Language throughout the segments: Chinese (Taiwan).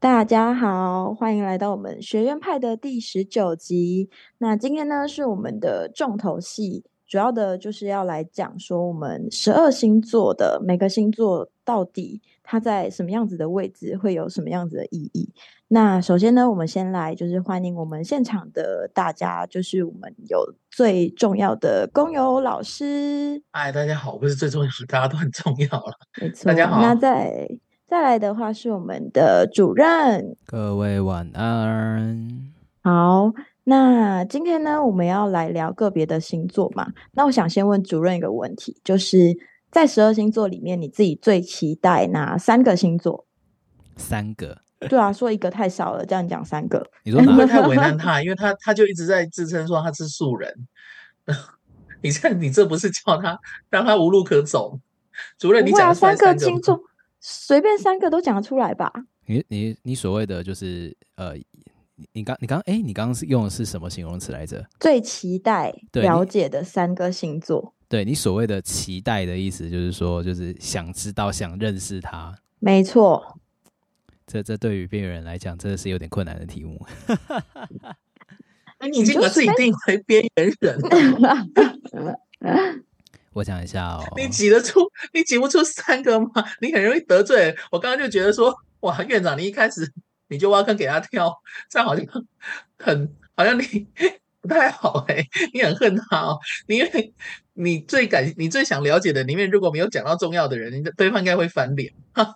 大家好，歡迎來到我們學院派的第十九集。那今天呢，是我們的重頭戲，主要的就是要來講說我們十二星座的每個星座到底它在什麼樣子的位置，會有什麼樣子的意義。那首先呢，我們先來就是歡迎我們現場的大家，就是我們有最重要的工友老師。哎，大家好，不是最重要的，大家都很重要了。沒錯，大家好。那在。再來的話是我們的主任，各位晚安。好，那今天呢，我們要來聊個別的星座嘛。那我想先問主任一個問題，就是在十二星座裡面，你自己最期待哪三個星座？三個？對啊，說一個太少了，這樣講三個，你說不會 太為難他，因為他他就一直在自稱說他是素人。你 這你這不是叫他讓他無路可走？主任，你講三、啊、三個星座。隨便三個都講得出來吧？你你你所謂的就是呃，你你剛你剛哎，你剛剛是用的是什麼形容詞來着？最期待對了解的三個星座。你對你所謂的期待的意思，就是說就是想知道、想認識他。沒錯錯，這這對於邊緣人來講，真的是有點困難的題目。 你已經自己定位邊緣人我想一下、哦，你擠得出，你擠不出三個嗎？你很容易得罪。我剛剛就覺得說，哇，院長，你一開始你就挖坑給他跳，這樣好像很好像你不太好哎、欸，你很恨他哦，因為你最感你最想了解的裡面如果沒有講到重要的人，你的對方應該會翻臉。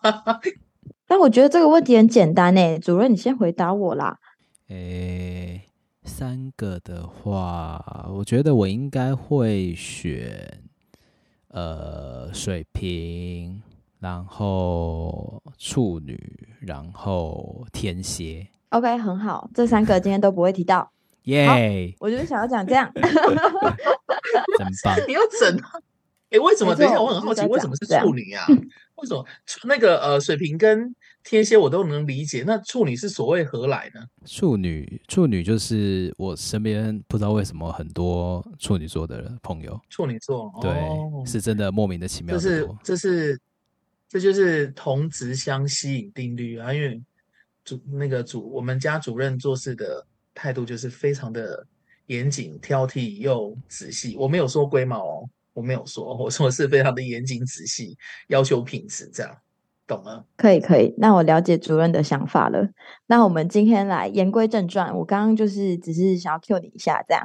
但我覺得這個問題很簡單哎、欸，主任，你先回答我啦。誒、欸，三個的話，我覺得我應該會選。呃，水瓶，然後處女，然後天蠍。OK，很好，這三個今天都不會提到。耶 Yeah.，我就是想要講這樣， 真棒！你要整？哎、欸，為什麼？錯等一下，我很好奇，為什麼是處女啊？對啊 為什麼？那個呃，水瓶跟。天蠍我都能理解，那處女是所謂何來呢？處女，處女就是我身邊不知道為什麼很多處女座的人朋友，處女座對、哦、是真的莫名的奇妙的這，這是這是這就是同質相吸引定律啊！因為主那個主我們家主任做事的態度就是非常的嚴謹、挑剔又仔細。我沒有說龜毛哦，我沒有說，我說的是非常的嚴謹、仔細，要求品質這樣。懂嗎？可以，可以。那我了解主任的想法了。那我們今天來言歸正傳。我剛剛就是只是想要 cue 你一下，這樣。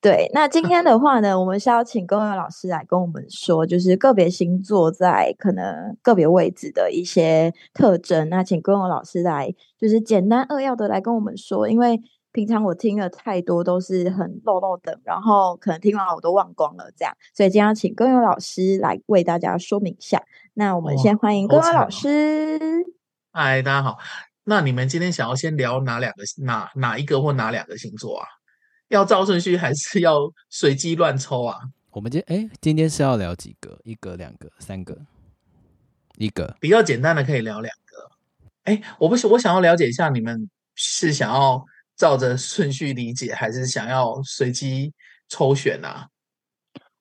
對。那今天的話呢， 我們是要請公友老師來跟我們說，就是個別星座在可能個別位置的一些特徵。那請公友老師來，就是簡單扼要的來跟我們說，因為。平常我聽了太多都是很漏漏的，然後可能聽完我都忘光了這樣，所以今天要請各位老師來為大家說明一下。那我們先歡迎各位老師。嗨、哦，老師 Hi, 大家好。那你們今天想要先聊哪兩個？哪哪一個或哪兩個星座啊？要照順序還是要隨機亂抽啊？我們今哎今天是要聊幾個？一個、兩個、三個？一個比較簡單的可以聊兩個。哎，我不是我想要了解一下你們是想要。照着順序理解，還是想要隨機抽選呢？啊？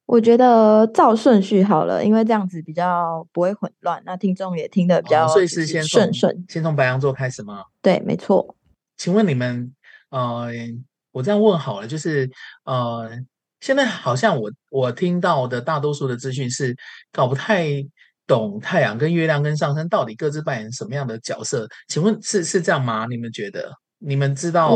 我覺得照順序好了，因為這樣子比較不會混亂，那聽眾也聽得比較順順。哦，先從白羊座開始嗎？對，沒錯。請問你們，呃，我這樣問好了，就是呃，現在好像我我聽到的大多數的資訊是搞不太懂太陽跟月亮跟上升到底各自扮演什麼樣的角色？請問是是這樣嗎？你們覺得？你們知道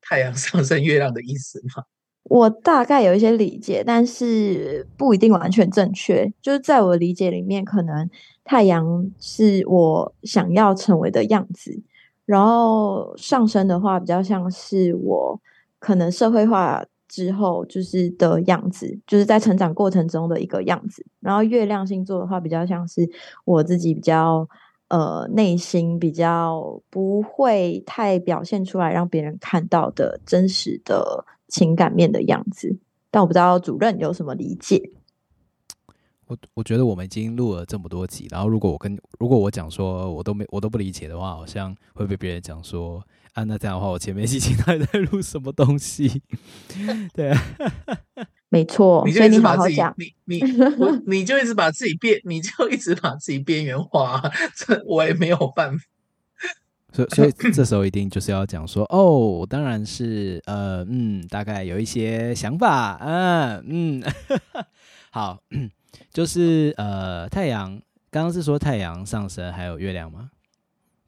太陽上升月亮的意思嗎？我大概有一些理解，但是不一定完全正確。就是在我的理解裡面，可能太陽是我想要成為的樣子，然後上升的話比較像是我可能社會化之後就是的樣子，就是在成長過程中的一個樣子。然後月亮星座的話，比較像是我自己比較。呃，內心比較不會太表現出來，讓別人看到的真實的情感面的樣子。但我不知道主任有什麼理解？我我覺得我們已經錄了這麼多集，然後如果我跟如果我講說我都沒我都不理解的話，好像會被別人講說啊，那這樣的話，我前面戲情還在錄什麼東西？ 對啊。 沒錯，你就一直把自己，你你， 你就一直把自己變，你就一直把自己邊緣化，這我也沒有辦法。所以所以這時候一定就是要講說，哦，當然是呃嗯，大概有一些想法、啊、嗯呵呵，好，就是呃太陽剛剛是說太陽上升還有月亮嗎？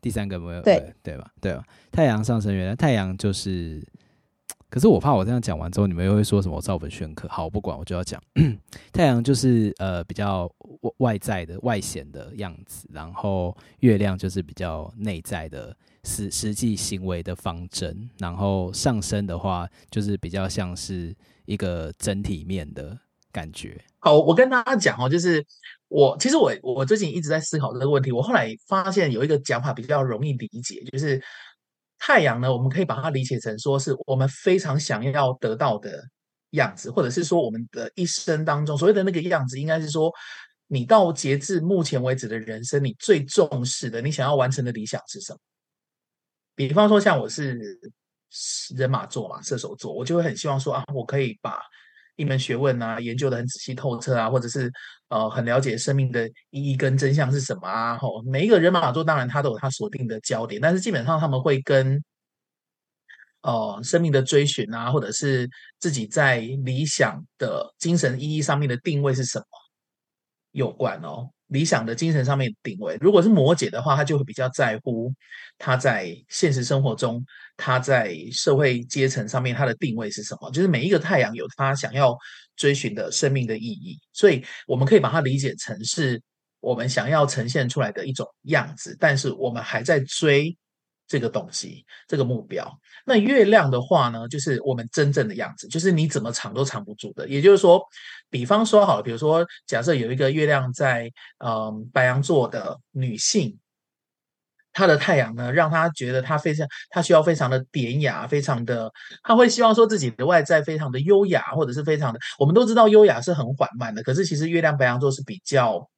第三個沒有，對對吧？對吧、哦？太陽上升，原來太陽就是。可是我怕我這樣講完之後，你們又會說什麼？我照本宣科。好，我不管，我就要講。 太陽就是呃比較外外在的外顯的樣子，然後月亮就是比較內在的實實際行為的方針。然後上升的話，就是比較像是一個整體面的感覺。好，我跟大家講哦，就是我其實我我最近一直在思考這個問題。我後來發現有一個講法比較容易理解，就是。太陽呢，我們可以把它理解成說是我們非常想要得到的樣子，或者是說我們的一生當中所謂的那個樣子，應該是說你到截至目前為止的人生，你最重視的、你想要完成的理想是什麼？比方說，像我是人馬座嘛，射手座，我就會很希望說啊，我可以把。一門學問啊，研究的很仔細透徹啊，或者是呃很了解生命的意義跟真相是什麼啊。吼、哦，每一個人馬座當然他都有他鎖定的焦點，但是基本上他們會跟哦、呃、生命的追尋啊，或者是自己在理想的精神意義上面的定位是什麼有關哦。理想的精神上面的定位，如果是摩羯的話，他就會比較在乎他在現實生活中，他在社會階層上面他的定位是什麼。就是每一個太陽有他想要追尋的生命的意義，所以我們可以把它理解成是我們想要呈現出來的一種樣子，但是我們還在追。這個東西，這個目標。那月亮的話呢，就是我們真正的樣子，就是你怎麼藏都藏不住的。也就是說，比方說，好了，比如說，假設有一個月亮在，嗯、呃，白羊座的女性，她的太陽呢，讓她覺得她非常，她需要非常的典雅，非常的，她會希望說自己的外在非常的優雅，或者是非常的。我們都知道，優雅是很緩慢的，可是其實月亮白羊座是比較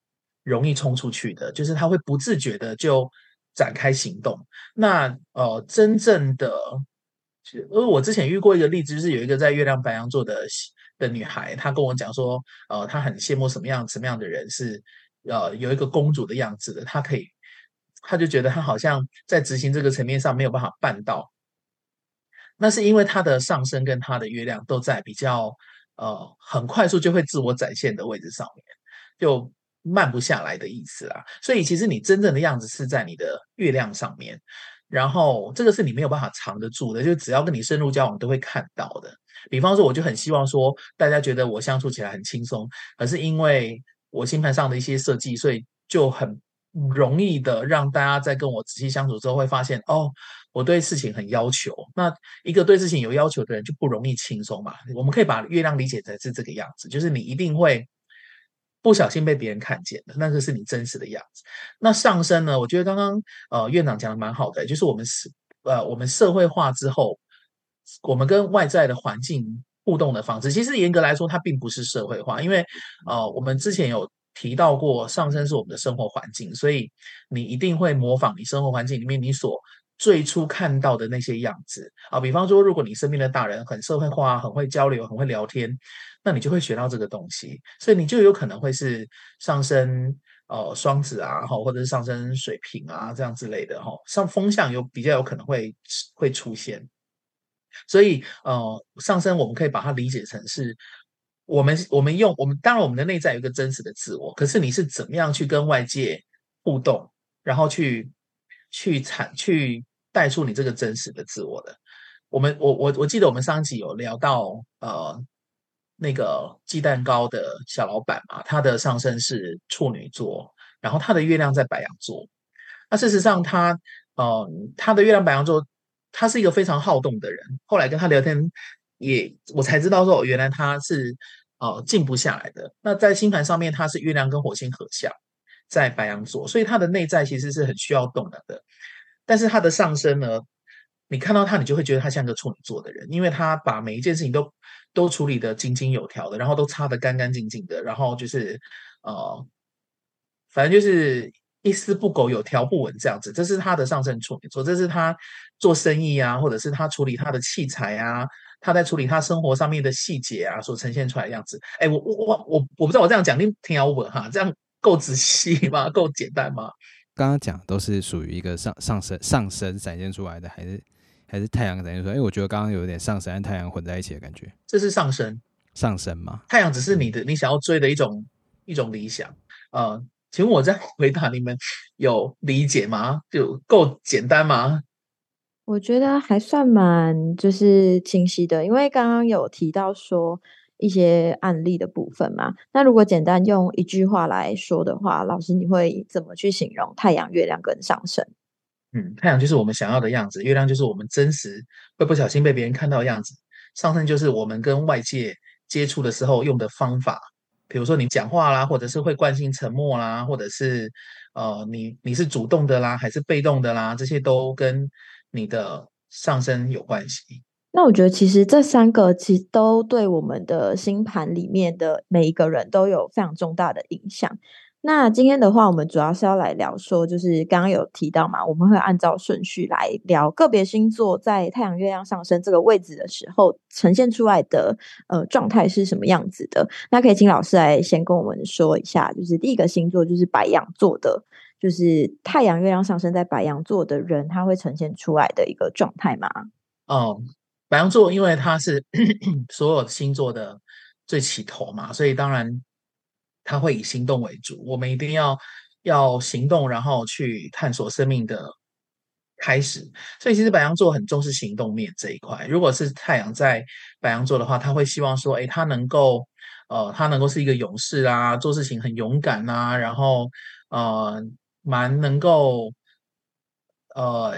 容易衝出去的，就是她會不自覺的就。展開行動，那呃，真正的，我之前遇過一個例子，就是有一個在月亮白羊座的的女孩，她跟我講說，呃，她很羨慕什麼樣什麼樣的人是呃有一個公主的樣子的，她可以，她就覺得她好像在執行這個層面上沒有辦法辦到，那是因為她的上升跟她的月亮都在比較呃很快速就會自我展現的位置上面，就。慢不下來的意思啊，所以其實你真正的樣子是在你的月亮上面，然後這個是你沒有辦法藏得住的，就只要跟你深入交往都會看到的。比方說，我就很希望說，大家覺得我相處起來很輕鬆，可是因為我星盤上的一些設計，所以就很容易的讓大家在跟我仔細相處之後會發現，哦，我對事情很要求。那一個對事情有要求的人，就不容易輕鬆嘛。我們可以把月亮理解成是這個樣子，就是你一定會。不小心被別人看見的，那個是你真實的樣子。那上升呢？我覺得剛剛呃院長講的蠻好的，就是我們是呃我們社會化之後，我們跟外在的環境互動的方式，其實嚴格來說它並不是社會化，因為呃我們之前有提到過，上升是我們的生活環境，所以你一定會模仿你生活環境裡面你所。最初看到的那些樣子啊，比方說，如果你身邊的大人很社會化，很會交流，很會聊天，那你就會學到這個東西，所以你就有可能會是上升，呃，雙子啊，哈，或者是上升水瓶啊，這樣之類的，哈、哦，上風向有比較有可能會會出現。所以，呃，上升我們可以把它理解成是我們我們用我們當然我們的內在有一個真實的自我，可是你是怎麼樣去跟外界互動，然後去去產去。帶出你這個真實的自我的。我們我我我記得我們上集有聊到呃那個雞蛋糕的小老板嘛，他的上升是處女座，然後他的月亮在白羊座。那事實上他，嗯，呃，他的月亮白羊座，他是一個非常好動的人。後來跟他聊天也我才知道說，原來他是哦，呃，靜不下來的。那在星盤上面，他是月亮跟火星合相在白羊座，所以他的內在其實是很需要動能的。但是他的上升呢，你看到他，你就會覺得他像個處女座的人，因為他把每一件事情都都處理得井井有條的，然後都擦得乾乾淨淨的，然後就是呃，反正就是一絲不苟、有條不紊這樣子。這是他的上升處女座，這是他做生意啊，或者是他處理他的器材啊，他在處理他生活上面的細節啊，所呈現出來的樣子。哎，我我我我不知道我這樣講你聽挺要我穩哈？這樣夠仔細嗎？夠簡單嗎？剛剛講都是屬於一個上上升上升展現出來的，還是還是太陽展現出來因哎、欸，我覺得剛剛有點上升跟太陽混在一起的感覺。這是上升上升嗎？太陽只是你的你想要追的一種一種理想、呃、請問我再回答你們有理解嗎？就夠簡單嗎？我覺得還算蠻就是清晰的，因為剛剛有提到說。一些案例的部分嘛，那如果簡單用一句話來說的話，老師你會怎麼去形容太陽、月亮跟上升？嗯，太陽就是我們想要的樣子，月亮就是我們真實會不小心被別人看到的樣子，上升就是我們跟外界接觸的時候用的方法，比如說你講話啦，或者是會慣性沉默啦，或者是呃，你你是主動的啦，還是被動的啦，這些都跟你的上升有關係。那我覺得其實這三個其實都對我們的星盤裡面的每一個人都有非常重大的影響。那今天的話，我們主要是要來聊說，就是剛剛有提到嘛，我們會按照順序來聊個別星座在太陽、月亮上升這個位置的時候呈現出來的呃狀態是什麼樣子的。那可以請老師來先跟我們說一下，就是第一個星座就是白羊座的，就是太陽、月亮上升在白羊座的人，他會呈現出來的一個狀態嗎？哦。Oh. 白羊座因為它是所有星座的最起頭嘛，所以當然他會以行動為主。我們一定要要行動，然後去探索生命的開始。所以其實白羊座很重視行動面這一塊。如果是太陽在白羊座的話，他會希望說：哎，他能夠呃，他能夠是一個勇士啊，做事情很勇敢吶、啊，然後呃，蠻能夠呃。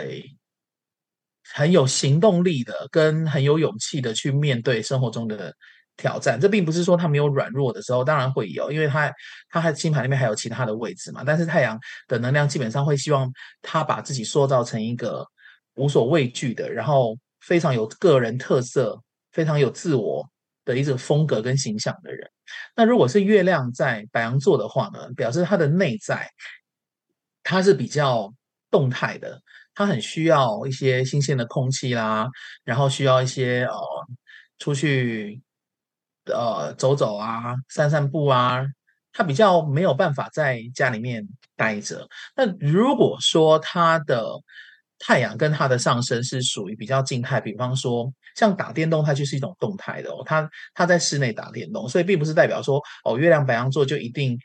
很有行動力的，跟很有勇氣的去面對生活中的挑戰。這並不是說他沒有軟弱的時候，當然會有，因為他他還星盤裡面還有其他的位置嘛。但是太陽的能量基本上會希望他把自己塑造成一個無所畏懼的，然後非常有個人特色、非常有自我的一種風格跟形象的人。那如果是月亮在白羊座的話呢，表示他的內在他是比較動態的。他很需要一些新鮮的空氣啦、啊，然後需要一些呃出去呃走走啊、散散步啊。他比較沒有辦法在家裡面待着。那如果說他的太陽跟他的上升是屬於比較靜態，比方說像打電動，它就是一種動態的哦。他它，它在室內打電動，所以並不是代表說哦，月亮白羊座就一定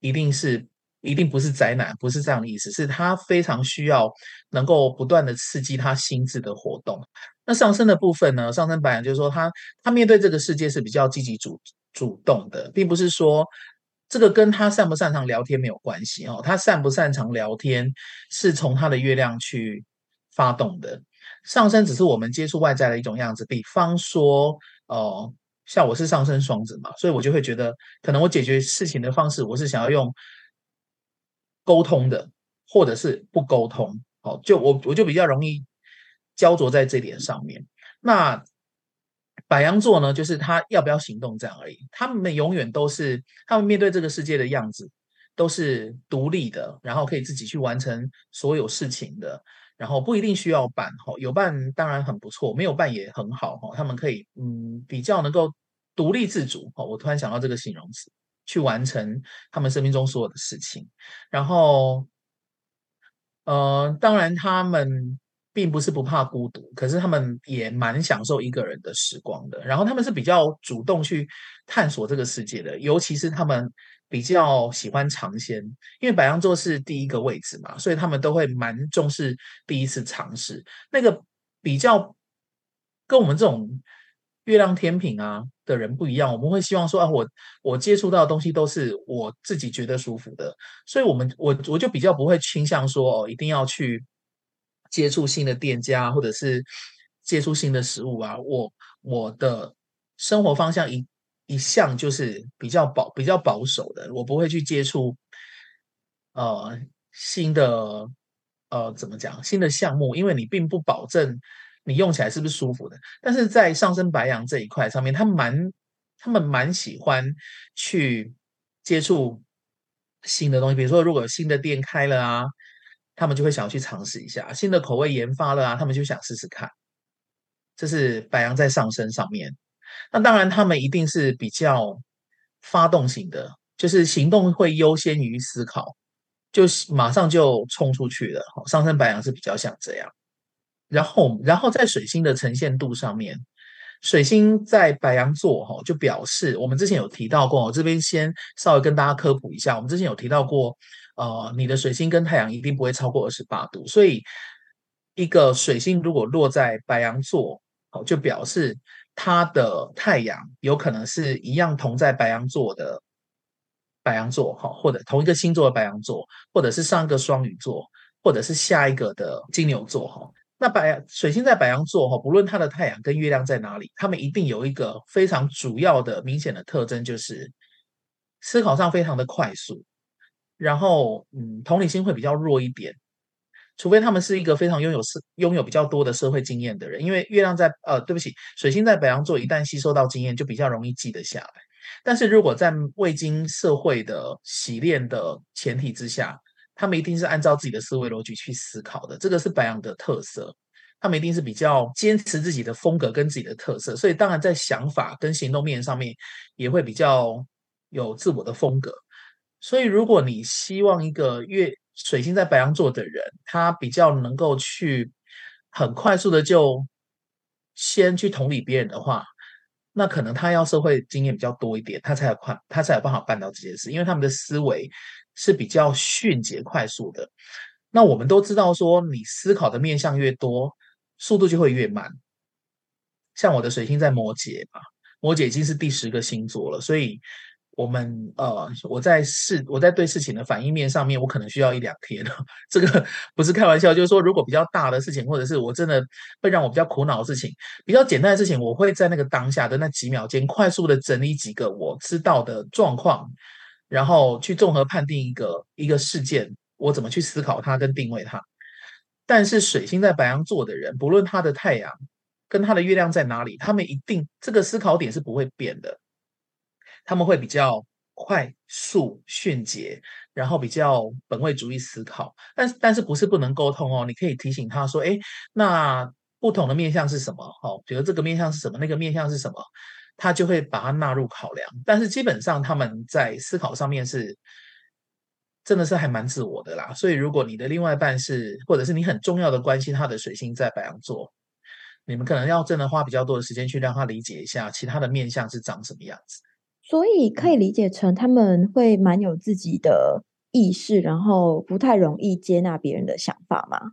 一定是。一定不是宅男，不是這樣的意思，是他非常需要能夠不斷的刺激他心智的活動。那上升的部分呢？上升白羊就是說他，他他面對這個世界是比較積極主主動的，並不是說，這個跟他擅不擅長聊天沒有關係哦，他擅不擅長聊天是從他的月亮去發動的。上升只是我們接觸外在的一種樣子，比方說，哦、呃，像我是上升雙子嘛，所以我就會覺得，可能我解決事情的方式，我是想要用。溝通的，或者是不溝通，好，就我我就比較容易焦灼在這點上面。那白羊座呢，就是他要不要行動這樣而已。他們永遠都是他們面對這個世界的樣子，都是獨立的，然後可以自己去完成所有事情的，然後不一定需要伴哈，哦，有伴當然很不錯，沒有伴也很好，哦，他們可以嗯，比較能夠獨立自主哦，我突然想到這個形容詞。去完成他們生命中所有的事情，然後，呃，當然他們並不是不怕孤獨，可是他們也蠻享受一個人的時光的。然後他們是比較主動去探索這個世界的，尤其是他們比較喜歡嘗鮮，因為白羊座是第一個位置嘛，所以他們都會蠻重視第一次嘗試，那個比較跟我們這種。月亮天秤啊的人不一樣，我們會希望說啊我，我我接觸到的東西都是我自己覺得舒服的，所以我，我們我我就比較不會傾向說哦，一定要去接觸新的店家或者是接觸新的食物啊。我我的生活方向一一向就是比較保比較保守的，我不會去接觸呃新的呃怎麼講新的項目，因為你並不保證。你用起來是不是舒服的？但是在上升白羊這一塊上面，他蠻他們蠻喜歡去接觸新的東西，比如說如果有新的店開了啊，他們就會想要去嘗試一下，新的口味研發了啊，他們就想試試看。這是白羊在上升上面，那當然他們一定是比較發動型的，就是行動會優先於思考，就馬上就衝出去了。上升白羊是比較像這樣。然後，然後在水星的呈現度上面，水星在白羊座哈，就表示我們之前有提到過，我這邊先稍微跟大家科普一下，我們之前有提到過，呃，你的水星跟太陽一定不會超過二十八度，所以一個水星如果落在白羊座，哦，就表示它的太陽有可能是一樣同在白羊座的白羊座哈，或者同一個星座的白羊座，或者是上一個雙魚座，或者是下一個的金牛座哈。那白，水星在白羊座哈、哦，不論他的太陽跟月亮在哪裡，他們一定有一個非常主要的、明顯的特徵，就是思考上非常的快速。然後，嗯，同理心會比較弱一點，除非他們是一個非常擁有社、擁有比較多的社會經驗的人。因為月亮在呃，對不起，水星在白羊座，一旦吸收到經驗，就比較容易記得下來。但是如果在未經社會的洗練的前提之下，他們一定是按照自己的思維邏輯去思考的，這個是白羊的特色。他們一定是比較堅持自己的風格跟自己的特色，所以當然在想法跟行動面上面也會比較有自我的風格。所以，如果你希望一個月水星在白羊座的人，他比較能夠去很快速的就先去同理別人的話，那可能他要社會經驗比較多一點，他才有辦，他才有辦法辦到這件事，因為他們的思維。是比較迅捷快速的。那我們都知道說，你思考的面向越多，速度就會越慢。像我的水星在摩羯吧，摩羯已經是第十個星座了，所以我們呃，我在事我在對事情的反應面上面，我可能需要一兩天。這個不是開玩笑，就是說，如果比較大的事情，或者是我真的會讓我比較苦惱的事情，比較簡單的事情，我會在那個當下的那幾秒間，快速的整理幾個我知道的狀況。然後去綜合判定一個一個事件，我怎麼去思考它跟定位它。但是水星在白羊座的人，不論他的太陽跟他的月亮在哪裡，他們一定這個思考點是不會變的。他們會比較快速迅捷，然後比較本位主義思考。但是但是不是不能溝通哦？你可以提醒他說：“哎，那不同的面向是什麼？好，比如這個面向是什麼，那個面向是什麼。”他就會把它納入考量，但是基本上他們在思考上面是真的是還蠻自我的啦。所以如果你的另外一半是，或者是你很重要的關係，他的水星在白羊座，你們可能要真的花比較多的時間去讓他理解一下其他的面相是長什麼樣子。所以可以理解成他們會蠻有自己的意識，然後不太容易接納別人的想法嗎？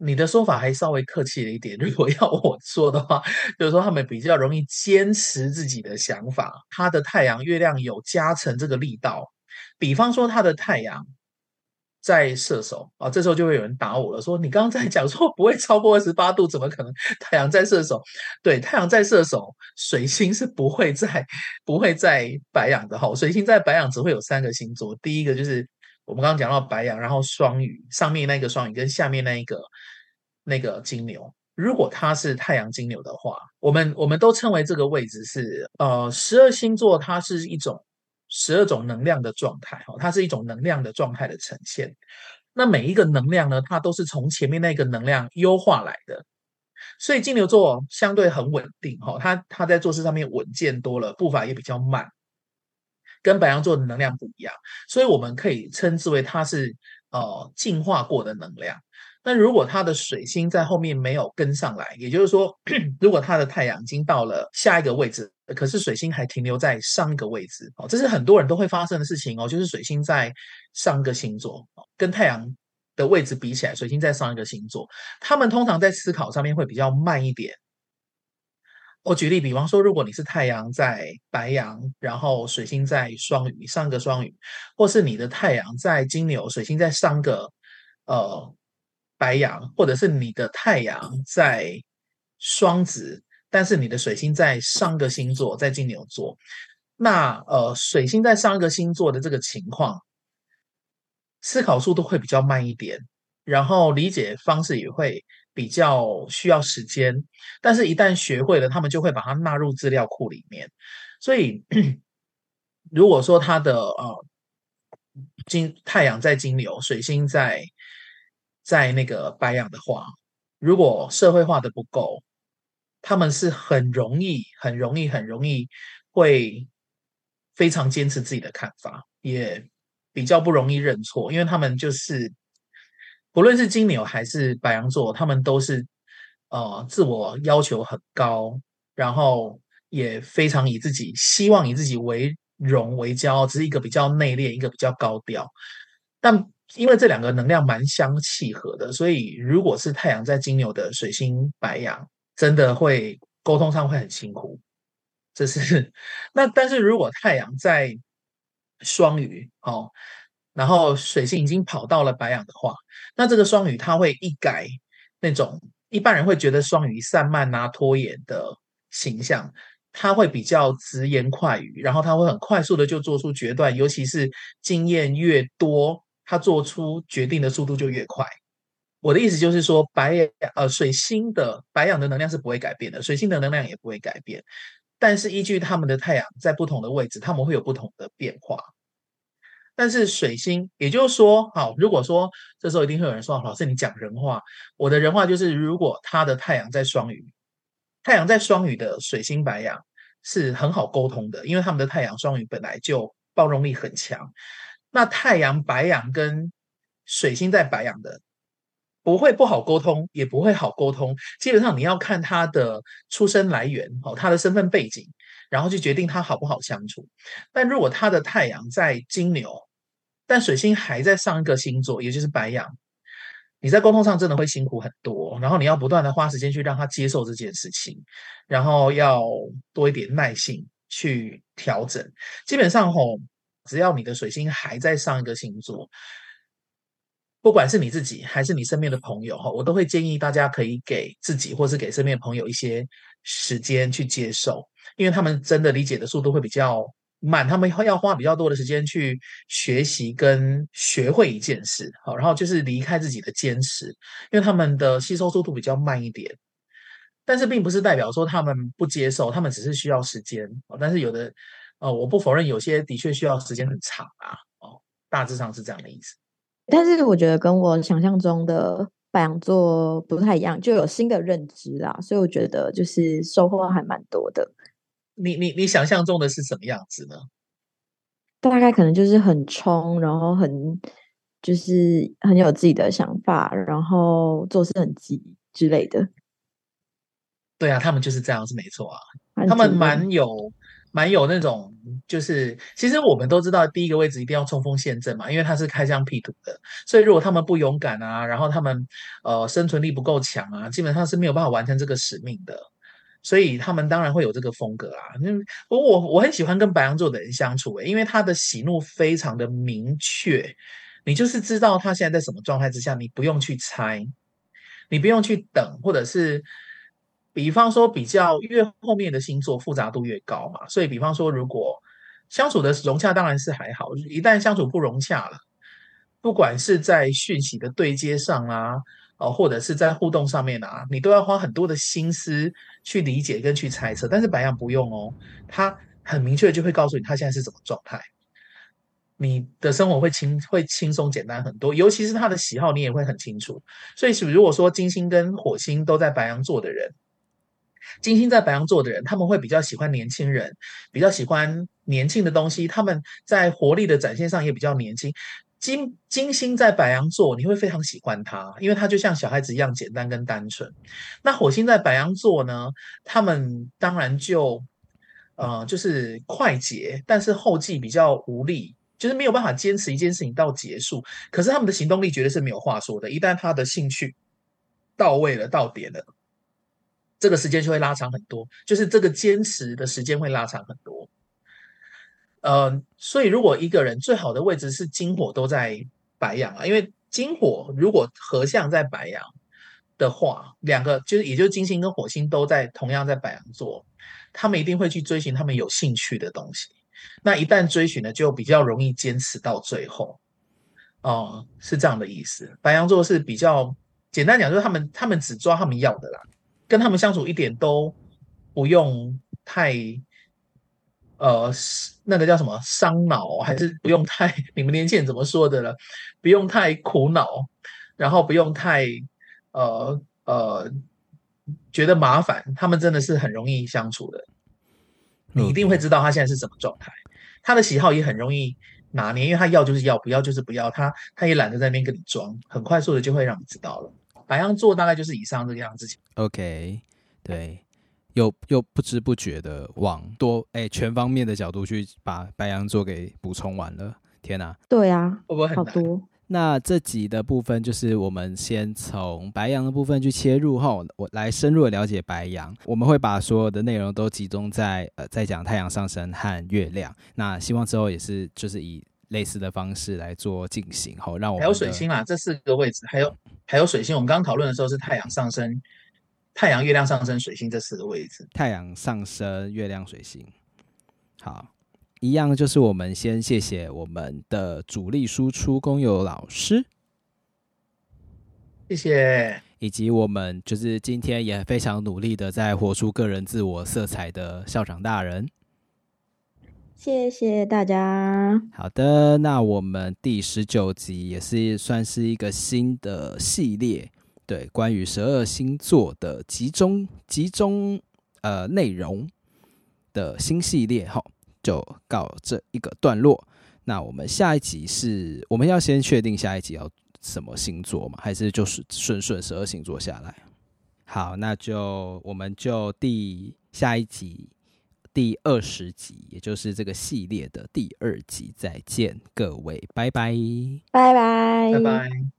你的說法還稍微客氣了一點，如果要我說的話，就是說他們比較容易堅持自己的想法。他的太陽、月亮有加成這個力道，比方說他的太陽在射手啊，這時候就會有人打我了，說你剛剛在講說不會超過二十八度，怎麼可能太陽在射手？對，太陽在射手，水星是不會在不會在白羊的哈、哦，水星在白羊只會有三個星座，第一個就是。我們剛剛講到白羊，然後雙魚，上面那個雙魚跟下面那一個那個金牛，如果他是太陽金牛的話，我們我們都稱為這個位置是呃十二星座，它是一種十二種能量的狀態哈，它是一種能量的狀態的呈現。那每一個能量呢，它都是從前面那個能量優化來的，所以金牛座相對很穩定哈，它它在做事上面穩健多了，步伐也比較慢。跟白羊座的能量不一樣，所以我們可以稱之為它是哦、呃、進化過的能量。那如果它的水星在後面沒有跟上來，也就是說，如果它的太陽已經到了下一個位置，可是水星還停留在上一個位置，哦，這是很多人都會發生的事情哦。就是水星在上一個星座，哦、跟太陽的位置比起來，水星在上一個星座，他們通常在思考上面會比較慢一點。我、哦、舉例，比方說，如果你是太陽在白羊，然後水星在雙魚，上個雙魚，或是你的太陽在金牛，水星在上個呃白羊，或者是你的太陽在雙子，但是你的水星在上個星座在金牛座，那呃水星在上個星座的這個情況，思考速度會比較慢一點，然後理解方式也會。比較需要時間，但是，一旦學會了，他們就會把它納入資料庫裡面。所以， 如果說他的呃金太陽在金牛，水星在在那個白羊的話，如果社會化的不夠，他們是很容易、很容易、很容易會非常堅持自己的看法，也比較不容易認錯，因為他們就是。不論是金牛還是白羊座，他們都是呃自我要求很高，然後也非常以自己希望以自己為榮為驕傲，只是一個比較內斂，一個比較高調。但因為這兩個能量蠻相契合的，所以如果是太陽在金牛的水星白羊，真的會溝通上會很辛苦。這是那，但是如果太陽在雙魚，哦。然後水星已經跑到了白羊的話，那這個雙魚他會一改那種一般人會覺得雙魚散漫啊、拖延的形象，他會比較直言快語，然後他會很快速的就做出決斷，尤其是經驗越多，他做出決定的速度就越快。我的意思就是說白，白羊，呃，水星的白羊的能量是不會改變的，水星的能量也不會改變，但是依據他們的太陽在不同的位置，他們會有不同的變化。但是水星，也就是說，好，如果說這時候一定會有人說，老師你講人話。我的人話就是，如果他的太陽在雙魚，太陽在雙魚的水星白羊是很好溝通的，因為他們的太陽雙魚本來就包容力很強。那太陽白羊跟水星在白羊的，不會不好溝通，也不會好溝通。基本上你要看他的出生來源哦，他的身份背景，然後去決定他好不好相處。但如果他的太陽在金牛，但水星還在上一個星座，也就是白羊，你在溝通上真的會辛苦很多，然後你要不斷的花時間去讓他接受這件事情，然後要多一點耐性，去調整。基本上吼，只要你的水星還在上一個星座，不管是你自己還是你身邊的朋友哈，我都會建議大家可以給自己或是給身邊的朋友一些時間去接受，因為他們真的理解的速度會比較慢，他們要花比較多的時間去學習跟學會一件事，好、哦，然後就是離開自己的堅持，因為他們的吸收速度比較慢一點。但是，並不是代表說他們不接受，他們只是需要時間。哦、但是有的，呃、我不否認，有些的確需要時間很長啊。哦，大致上是這樣的意思。但是，我覺得跟我想象中的白羊座不太一樣，就有新的認知啊，所以我覺得就是收穫還蠻多的。你你你想象中的是什麼樣子呢？大概可能就是很衝，然後很就是很有自己的想法，然後做事很急之類的。對啊，他們就是這樣是沒錯啊，他們蠻有蠻有那種，就是其實我們都知道，第一個位置一定要衝鋒陷陣嘛，因為他是開疆闢土的，所以如果他們不勇敢啊，然後他們呃生存力不夠強啊，基本上他是沒有辦法完成這個使命的。所以他們當然會有這個風格啊，我我很喜歡跟白羊座的人相處，因為他的喜怒非常的明確，你就是知道他現在在什麼狀態之下，你不用去猜，你不用去等，或者是，比方說比較，越後面的星座複雜度越高嘛，所以比方說如果相處的融洽當然是還好，一旦相處不融洽了，不管是在訊息的對接上啊。哦，或者是在互動上面啊，你都要花很多的心思去理解跟去猜測，但是白羊不用哦，他很明確就會告訴你他現在是什麼狀態，你的生活會輕會輕鬆簡單很多，尤其是他的喜好你也會很清楚。所以是如果說金星跟火星都在白羊座的人，金星在白羊座的人，他們會比較喜歡年輕人，比較喜歡年輕的東西，他們在活力的展現上也比較年輕。金金星在白羊座，你會非常喜歡他，因為他就像小孩子一樣簡單跟單純。那火星在白羊座呢？他們當然就，呃，就是快捷，但是後繼比較無力，就是沒有辦法堅持一件事情到結束。可是他們的行動力絕對是沒有話說的。一旦他的興趣到位了，到點了，這個時間就會拉長很多，就是這個堅持的時間會拉長很多。呃，所以如果一個人最好的位置是金火都在白羊啊，因為金火如果合相在白羊的話，兩個就是，也就是金星跟火星都在同樣在白羊座，他們一定會去追尋他們有興趣的東西。那一旦追尋了，就比較容易堅持到最後。哦、呃，是這樣的意思。白羊座是比較簡單講，就是他們他們只抓他們要的啦，跟他們相處一點都不用太。呃，那個叫什麼傷腦，還是不用太？你們年輕人怎麼說的了？不用太苦惱，然後不用太呃呃覺得麻煩。他們真的是很容易相處的，你一定會知道他現在是什麼狀態，Okay. 他的喜好也很容易拿捏，因為他要就是要，不要就是不要，他他也懶得在那邊跟你裝，很快速的就會讓你知道了。白羊座大概就是以上這個樣子。OK，對。又又不知不覺的往多誒，全方面的角度去把白羊座給補充完了，天哪！對啊，會不會好多。那這集的部分就是我們先從白羊的部分去切入後，我來深入的了解白羊。我們會把所有的內容都集中在呃，在講太陽上升和月亮。那希望之後也是就是以類似的方式來做進行，後讓我們還有水星啊，這四個位置還有還有水星。我們剛剛討論的時候是太陽上升。太陽、月亮、上升、水星這四個位置。太陽上升，月亮水星，好，一樣就是我們先謝謝我們的主力輸出工友老師，謝謝，以及我們就是今天也非常努力的在活出個人自我色彩的校長大人，謝謝大家。好的，那我們第十九集也是算是一個新的系列，對，關於十二星座的集中集中呃內容的新系列哈，就告這一個段落。那我們下一集是我們要先確定下一集要什麼星座嘛？還是就是順順十二星座下來？好，那就我們就第下一集第二十集，也就是這個系列的第二集，再見各位，拜拜，拜拜拜拜，拜拜。